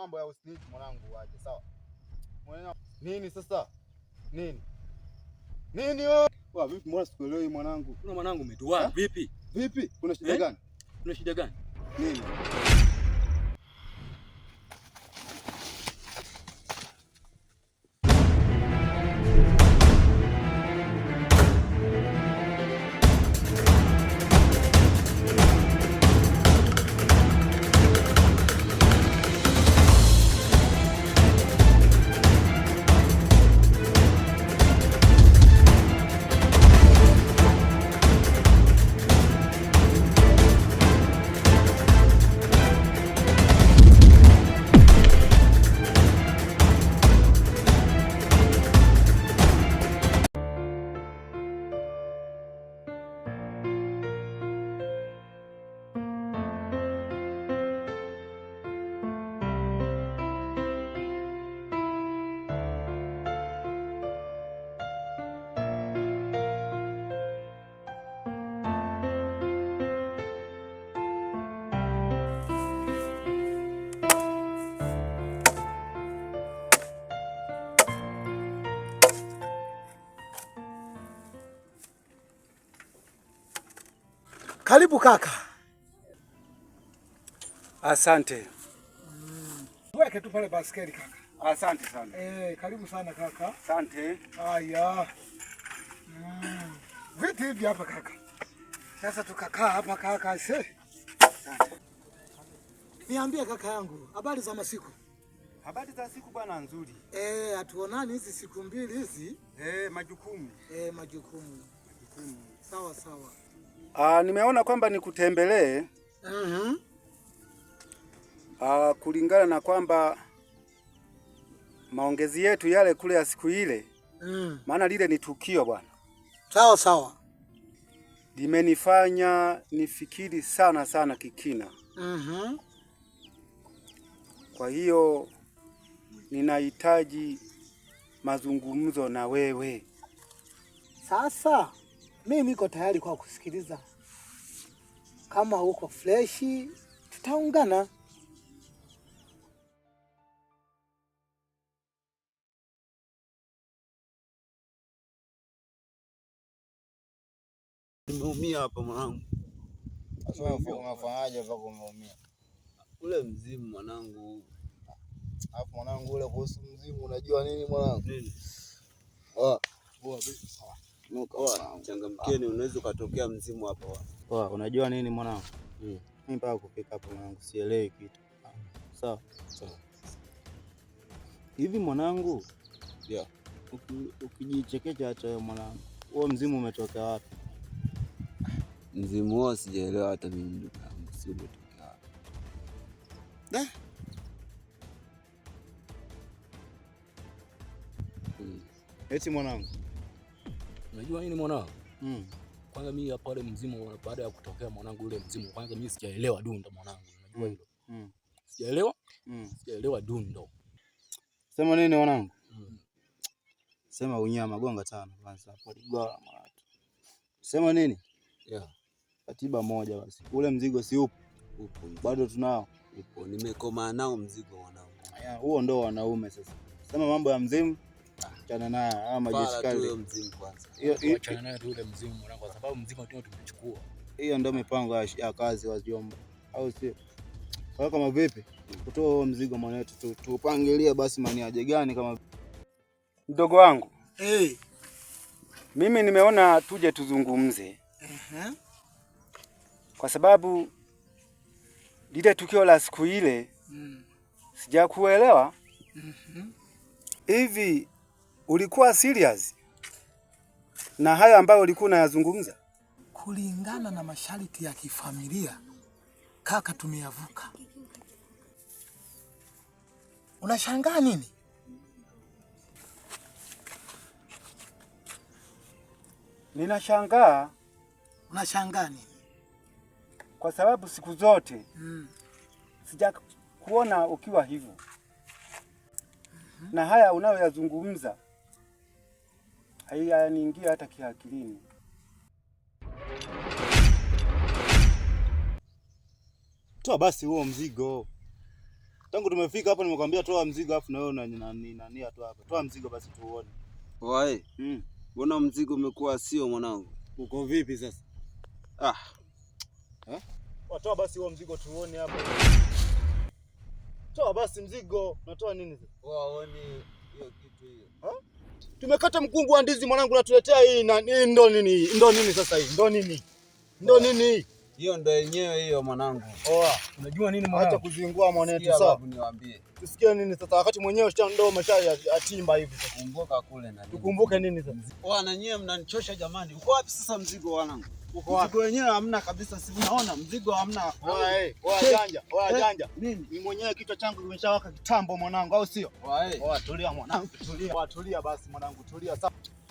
mambo ya usiniti mwanangu waje. Sawa. Mwana nini sasa? Nini? Nini wewe? Kwa vipi mbona sikuelewi mwanangu? Kuna mwanangu umetuwa eh? vipi? Vipi? Kuna shida eh? gani? Kuna shida gani? Nini? Karibu kaka. Asante. Mm. Weke tu pale basketi kaka. Asante sana. Eh, karibu sana kaka. Asante. Aya. Mm. Viti hivi hapa kaka. Sasa tukakaa hapa kaka. Asante. Niambie kaka yangu, habari za masiku? Habari za siku bwana, nzuri. Eh, hatuonani hizi siku mbili hizi. Eh, majukumu. Eh, majukumu. Majukumu. Sawa sawa. Ah, nimeona kwamba nikutembelee. Mhm. Ah, kulingana na kwamba maongezi yetu yale kule ya siku ile. Mhm. Maana lile ni tukio bwana. Sawa sawa. Limenifanya nifikiri sana sana kikina. Mhm. Kwa hiyo ninahitaji mazungumzo na wewe. Sasa mimi niko tayari kwa kusikiliza. Kama uko freshi, tutaungana. Nimeumia hapa mwanangu. Unafanyaje mpaka umeumia? Ule mzimu mwanangu. Hapo mwanangu, ule kuhusu mzimu, unajua nini mwanangu? Nini? Ah, Changamkeni, unaweza ukatokea mzimu hapo. Poa, unajua nini mwanangu? Mimi hmm. mpaka kufika hapo mwanangu sielewi kitu. Sawa. Hivi mwanangu, yeah. Ukijichekecha hata wewe mwanangu, huo mzimu umetokea wapi? Mzimu huo sijaelewa hata mimi ndugu yangu, si umetokea wapi? Eh? Hmm. Eti mwanangu Unajua nini mwanao? Mm. Kwanza mimi hapa ile mzimu baada ya kutokea mwanangu yule mzimu kwanza mimi sijaelewa dundo mwanangu. Unajua mm. hilo? Mm. Sijaelewa? Mm. Sijaelewa dundo. Sema nini mwanangu? Mm. Sema unyama magonga tano kwanza hapo ligola mara. Sema nini? Yeah. Katiba moja basi. Ule mzigo si upo. Upo. Bado tunao. Upo. Nimekoma nao mzigo mwanangu. Huo ndo wanaume sasa. Sema mambo ya mzimu achana naye ama jeshi kali. Achana naye yule mzimu mwanangu, kwa sababu mzimu tumechukua. Hiyo ndio mipango ya kazi wajomba, au sio? Kwa kama vipi kutoa mzigo mwanetu, tupangilie basi maniaje gani? Kama mdogo wangu hey. Mimi nimeona tuje tuzungumze uh -huh. Kwa sababu lile tukio la siku ile mm. Sijakuelewa mhm. hivi mm -hmm ulikuwa serious na hayo ambayo ulikuwa unayazungumza? Kulingana na masharti ya kifamilia kaka, tumeyavuka. Unashangaa nini? Ninashangaa. Unashangaa nini? Kwa sababu siku zote mm, sijakuona ukiwa hivyo mm -hmm. na haya unayoyazungumza haiyaniingia hata kiakilini. Toa basi huo mzigo. Tangu tumefika hapa nimekwambia toa mzigo, afu nawe wewe nani nani atoa hapa. Toa mzigo basi tuone. Wae. Mm. mzigo umekuwa sio mwanangu? Uko vipi sasa? Ah. Eh? Watoa basi huo mzigo tuone hapa. Toa basi mzigo. natoa nini sasa? Waone hiyo kitu hiyo. Ha? tumekata mkungu wa ndizi mwanangu, natuletea hii na ndo nini? Ndo nini sasa hii? Ndo nini? Ndo nini? Hiyo ndo yenyewe hiyo mwanangu. Oa. Unajua nini mwanangu? Acha kuzingua mwanetu sasa. Niwaambie. Tusikie nini sasa wakati mwenyewe sio ndo atimba hivi sasa. Kumbuka kule na. Tukumbuke nini sasa? Oa na nyewe mnanichosha jamani. Uko wapi sasa mzigo wanangu? Mzigo wenyewe hamna kabisa, si unaona mzigo hamna. Oya janja, oya janja. Nini? Mimi mwenyewe kichwa changu kimeshawaka kitambo mwanangu, au sio? Oya tulia mwanangu, tulia. Oya tulia basi mwanangu, tulia.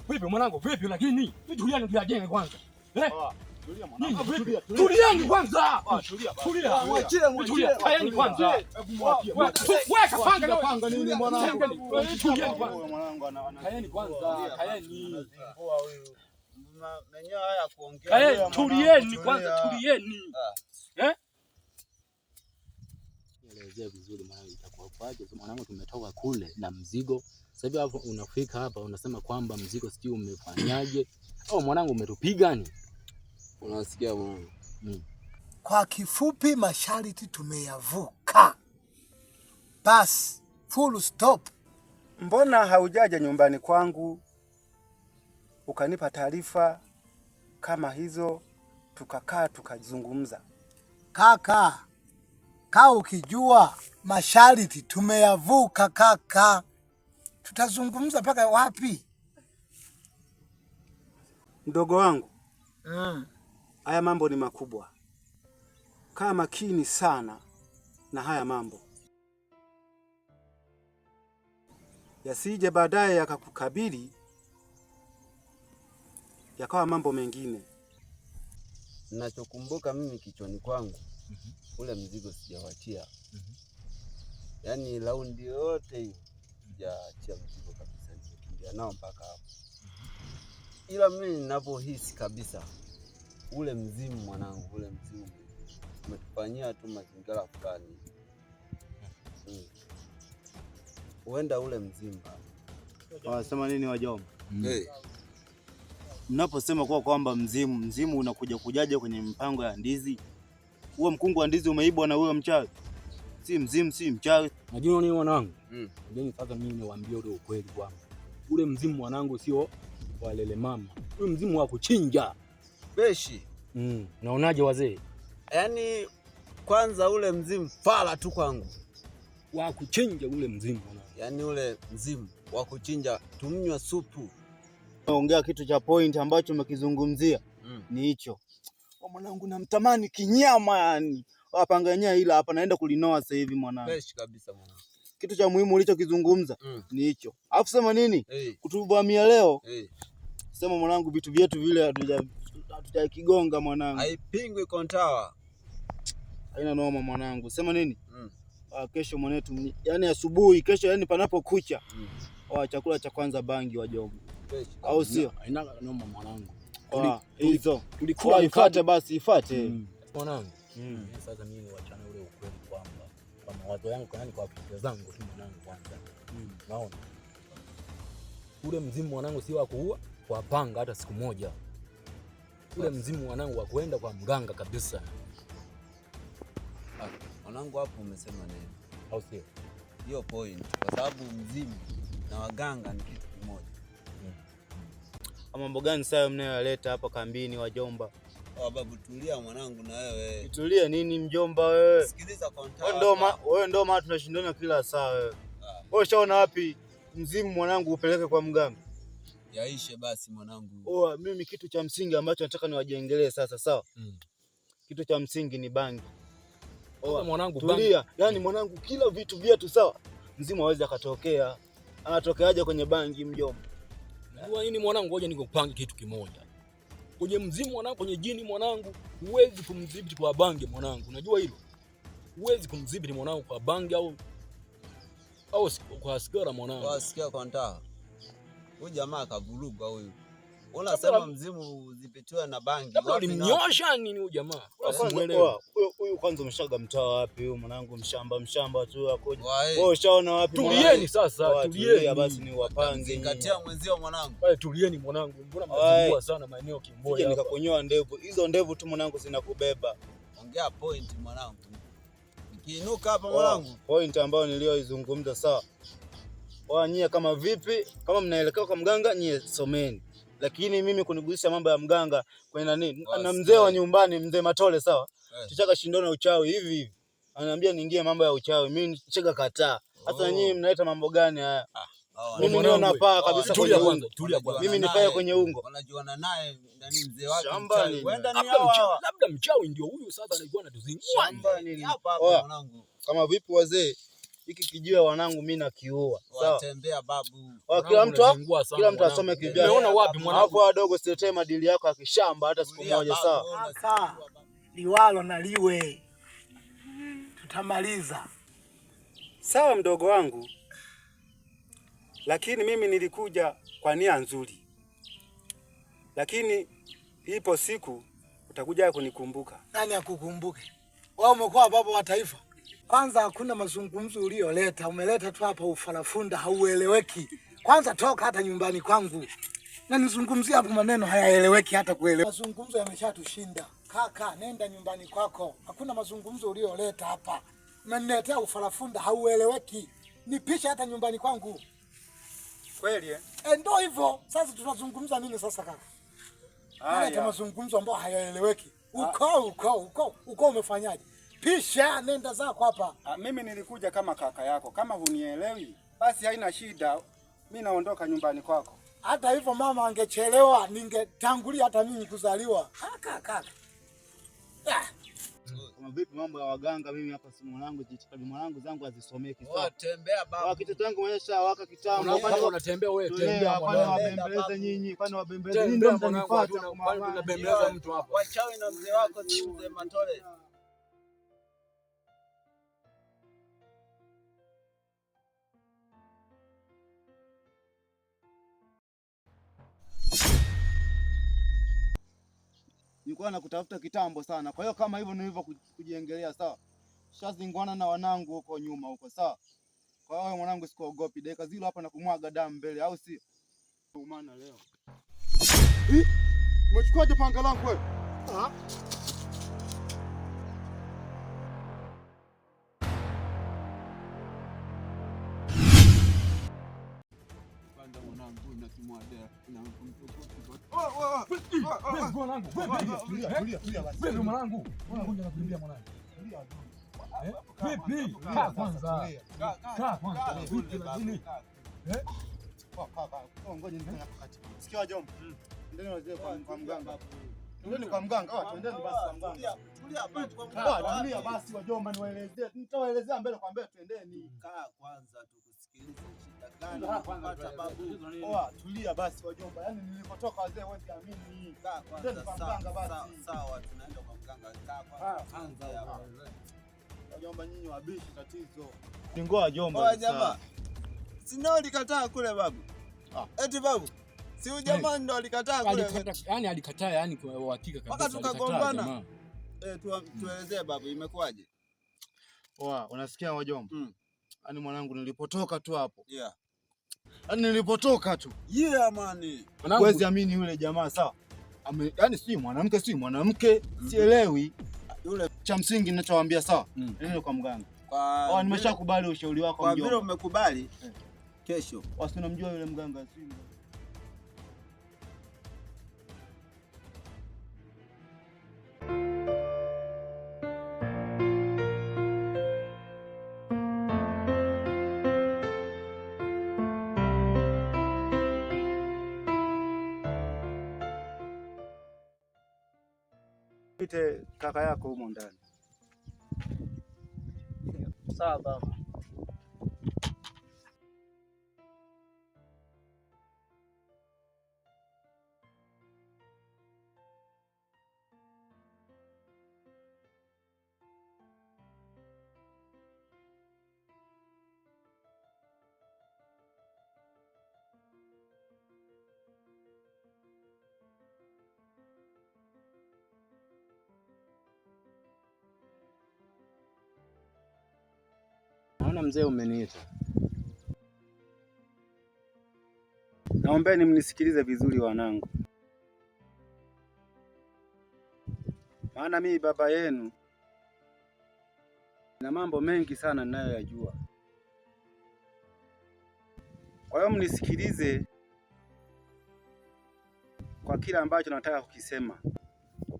Vipi mwanangu, vipi lakini? Vitu gani ndio ajenge kwanza? Eh? Tulia mwanangu, Tulieni kwanza. Tulia basi. Tulia. Mwachie, mwachie. Tulieni kwanza. Hebu mwachie. Weka panga na panga nini mwanangu? Tulieni kwanza. Mwanangu ana. Tulieni kwanza. Tulieni. Unazingua menyewe Tulieni kwanza, tulieni ah. eh elezea vizuri, maana itakuwa kwaje? Mwanangu, tumetoka kule na mzigo sasa hivi, hapo unafika hapa unasema kwamba mzigo sijui umefanyaje, au oh, mwanangu umetupigani? Unasikia mwanangu? mm. Kwa kifupi, masharti tumeyavuka, basi full stop. Mbona haujaja nyumbani kwangu? ukanipa taarifa kama hizo, tukakaa tukazungumza. Kaka kaa ukijua masharti tumeyavuka kaka, tutazungumza mpaka wapi? Mdogo wangu mm. Haya mambo ni makubwa, kaa makini sana na haya mambo, yasije baadaye yakakukabili yakawa mambo mengine. Ninachokumbuka mimi kichwani kwangu mm -hmm. ule mzigo sijawatia mm -hmm. yaani laundi yote hiyo sijaachia mzigo kabisa, nimekimbia nao mpaka hapo mm -hmm. ila mimi ninavyohisi kabisa ule mzimu mwanangu, ule mzimu umetufanyia tu mazingira fulani mhm. huenda mm. ule mzimu wanasema nini wajomba? mm. hey mnaposema kuwa kwamba mzimu mzimu unakuja kujaja kwenye mpango ya ndizi? Huo mkungu wa ndizi umeibwa na huyo mchawi, si mzimu, si mchawi. Najua ni mwanangu mm. Najua sasa mimi niwaambie ule ukweli kwamba ule mzimu mwanangu sio walele mama, ule mzimu wa kuchinja beshi. Mm. Naonaje wazee? Yaani kwanza ule mzimu fala tu kwangu wa kuchinja ule mzimu mwanangu. Yaani ule mzimu wa kuchinja tumnywa supu Ongea kitu cha point ambacho umekizungumzia mm. ni hicho oh, mwanangu, namtamani kinyama yani, apanganyia ila hapa naenda kulinoa sasa hivi mwanangu. Fresh kabisa mwanangu, kitu cha muhimu ulichokizungumza mm. ni hicho. Alafu sema nini hey. kutuvamia leo hey. sema mwanangu, vitu vyetu vile hatujakigonga mwanangu, haipingwi kontawa, haina noma mwanangu, sema nini mm. ah, kesho mwanetu, yani asubuhi kesho, yani panapokucha mm. ah, chakula cha kwanza bangi wajogo au sio? Ina Naomba mwanangu, hizo tulikuwa ifuate, basi ifuate mm. Mm. mwanangu. Mm. Sasa mimi niwachane ule ukweli kwamba kwa mawazo yangu kwa nani kwa fikra zangu tu mwanangu, kwanza naona ule mzimu mwanangu si wa kuua kwa panga hata siku moja. Ule mzimu mwanangu wa kwenda kwa mganga kabisa ah, mwanangu. Hapo umesema nini? au sio? Hiyo point, kwa sababu mzimu na waganga ni kitu mambo gani sayo mnayoleta hapa kambini wajomba? Oh, babu tulia mwanangu na wewe. Tulia nini mjomba wewe? Sikiliza konta. Wewe ndo maana tunashindana kila saa wewe. Ah, Wewe ushaona wapi mzimu mwanangu upeleke kwa mganga? Yaishe basi mwanangu. Oh, mimi kitu cha msingi ambacho nataka niwajengelee sasa sawa? Mm. Kitu cha msingi ni bangi. Oh, mwanangu bangi. Tulia, yani mwanangu kila vitu vyetu sawa? Mzimu hawezi akatokea. Anatokeaje kwenye bangi mjomba? Jua nini mwanangu, ngoja nikupange kitu kimoja. Kwenye mzimu mwanangu, kwenye jini mwanangu, huwezi kumdhibiti kwa bange mwanangu, unajua hilo. Huwezi kumdhibiti mwanangu kwa bange au au kwa sigara mwanangu. Kwa sigara kwa ntaa. Huyu jamaa kavuruga huyu. Wala sema mzimu uzipitiwe na bangi. Labda ulimnyosha nini huyu jamaa? Huyu kwanza umeshaga mtaa wapi huyu mwanangu mshamba mshamba tu yako. Wewe ushaona wapi mwanangu? Tulieni sasa, tulieni basi ni wapange. Zingatia mwenzio mwanangu. Wewe tulieni mwanangu, mbona mnazungua sana maeneo kimboya. Nikakonyoa ndevu. Hizo ndevu tu mwanangu zinakubeba. Ongea point mwanangu. Nikiinuka hapa mwanangu. Oh, point ambayo niliyoizungumza sawa. Wao nyie kama vipi? Kama mnaelekea kwa mganga nyie someni lakini mimi kunigusisha mambo ya mganga kwenye nani na mzee wa nyumbani, mzee Matole, sawa hey. Eh. Tuchaka shindana uchawi hivi hivi, ananiambia niingie mambo ya uchawi, mimi cheka kataa. Hata oh. Nyinyi mnaleta mambo gani haya? ah. Oh, mimi ndio paa ah, kabisa kwanza tulia kwanza Mimi nikae kwenye ungo. Wanajuana naye ndani mzee wake. shamba ni Shambani. Labda mchawi ndio huyu sasa anajua anaikuwa anatuzingua. Shambani. Hapa hapa mwanangu. Kama vipi wazee hiki kijiwe wanangu, mimi nakiua. Sawa, tembea babu. Kila mtu kila mtu asome kijiwe. Umeona wapi mwanangu? Hapo wadogo, sitetee madili yako ya kishamba hata siku moja. Sawa, sawa, liwalo na liwe, tutamaliza. Sawa, mdogo wangu, lakini mimi nilikuja kwa nia nzuri, lakini ipo siku utakuja kunikumbuka. Nani akukumbuke? Wao umekuwa baba wa taifa kwanza hakuna mazungumzo uliyoleta, umeleta tu hapa ufarafunda, haueleweki. Kwanza toka hata nyumbani kwangu, na nizungumzie hapo, maneno hayaeleweki hata kuelewa. Mazungumzo yameshatushinda kaka, nenda nyumbani kwako. Hakuna mazungumzo uliyoleta hapa, umeniletea ufarafunda, haueleweki. Nipisha hata nyumbani kwangu. Kweli eh? eh? Ndio hivyo. Sasa tunazungumza nini sasa kaka? Ah, mazungumzo ambayo hayaeleweki. Uko uko uko uko umefanyaje? pisha, nenda zako hapa. Ah, mimi nilikuja kama kaka yako, kama hunielewi basi haina shida, mi naondoka nyumbani kwako. Hata hivyo mama, angechelewa ningetangulia hata mimi kuzaliwa. Ah, kaka ah. kaka, kama vipi mambo ya waganga? Mimi hapa simu langu jitabimu langu zangu hazisomeki. Oh, tembea baba, kitoto yangu maisha waka kitambo. Unatembea wewe, tembea bwana, wabembeleze nyinyi, kwani wabembeleze ndio mtanifuata? Kwani unabembeleza mtu hapa? Wachawi na mzee wako ni mzee Matole nilikuwa nakutafuta kitambo sana. Kwa hiyo kama hivyo nilivyo kujiengelea, sawa. Shazingwana na wanangu huko nyuma huko, sawa. Kwa hiyo mwanangu, sikuogopi dakika zilo hapa na kumwaga damu mbele, au si maana leo Eh? umechukuaje panga langu wewe? Ah. Panda mwanangu na kimwada na Oh, mwanangu, wewe ndio mwanangu, Vipi? Kaa kwanza. Kaa kwanza. Vipi lakini? basi kwa mganga. basi wajomba, niwaelezee. Nitawaelezea mbele kwa mbele, twendeni. Kaa kwanza tukusikilize. Oa, tulia basi wajomba. Yaani nilipotoka wazee wote amini. Sawa, tunaenda kwa mganga. Wajomba ah, nyinyi wabishi tatizo. Ningoa wajomba. Jamaa. Sina alikataa kule babu. Ah. Eti babu. Si ujamaa ndo alikataa kule. Yaani alikataa yaani kwa uhakika kabisa. Mpaka tukagombana. Eh, tuelezee babu imekuwaje? Oa, unasikia wajomba? Hmm. Yaani mwanangu nilipotoka tu hapo. Yeah. Yaani nilipotoka tu. Yeah, man. Huwezi amini yule jamaa sawa. yani si mwanamke si mwanamke sielewi yule. Cha msingi ninachowaambia sawa, mm. Nini kwa mganga. Oh, nimeshakubali ushauri wako. Kwa vile umekubali, eh. kesho wasinamjua yule mganga si kaka yako humo ndani. Sawa baba. Naona mzee umeniita. Naombeni mnisikilize vizuri wanangu, maana mimi baba yenu na mambo mengi sana ninayoyajua. Kwa hiyo mnisikilize kwa kila ambacho nataka kukisema.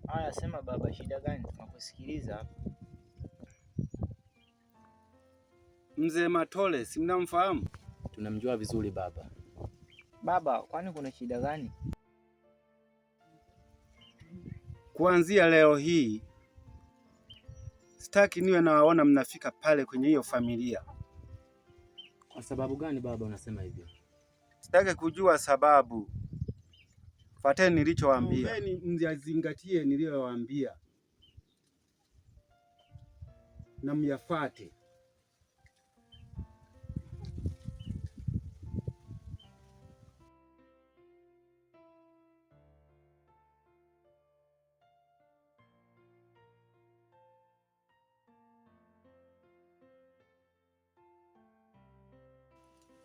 Haya, sema baba, shida gani? Tunakusikiliza hapa. Mzee Matole, si mnamfahamu? Tunamjua vizuri baba. Baba, kwani kuna shida gani? Kuanzia leo hii sitaki niwe nawaona mnafika pale kwenye hiyo familia. Kwa sababu gani baba unasema hivyo? Sitaki kujua sababu. Fateni nilichowaambia. Ombeni myazingatie niliyowaambia na myafate.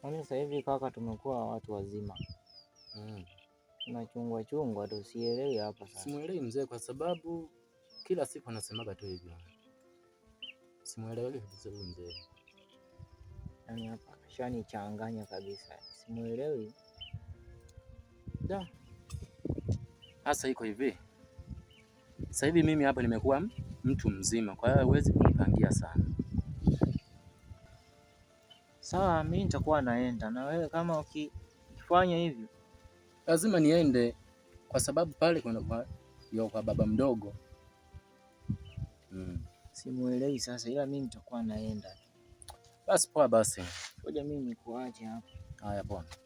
Kwani sasa hivi kaka, tumekuwa watu wazima mm. na chungwa tu, sielewi hapa sasa. Simuelewi mzee, kwa sababu kila siku anasemaga tu hivyo, simuelewi kabisa huyu mzee. Yaani hapa kashani changanya kabisa, simuelewi da. Sasa iko hivi, sasa hivi mimi hapa nimekuwa mtu mzima, kwa hiyo huwezi kunipangia sana sawa, mimi nitakuwa naenda na wewe. Kama ukifanya hivyo, lazima niende, kwa sababu pale kuna kwa, yo, kwa baba mdogo mm. Simuelewi sasa, ila mimi nitakuwa naenda basi. Poa basi, ngoja mimi nikuache hapa. Haya, bwana.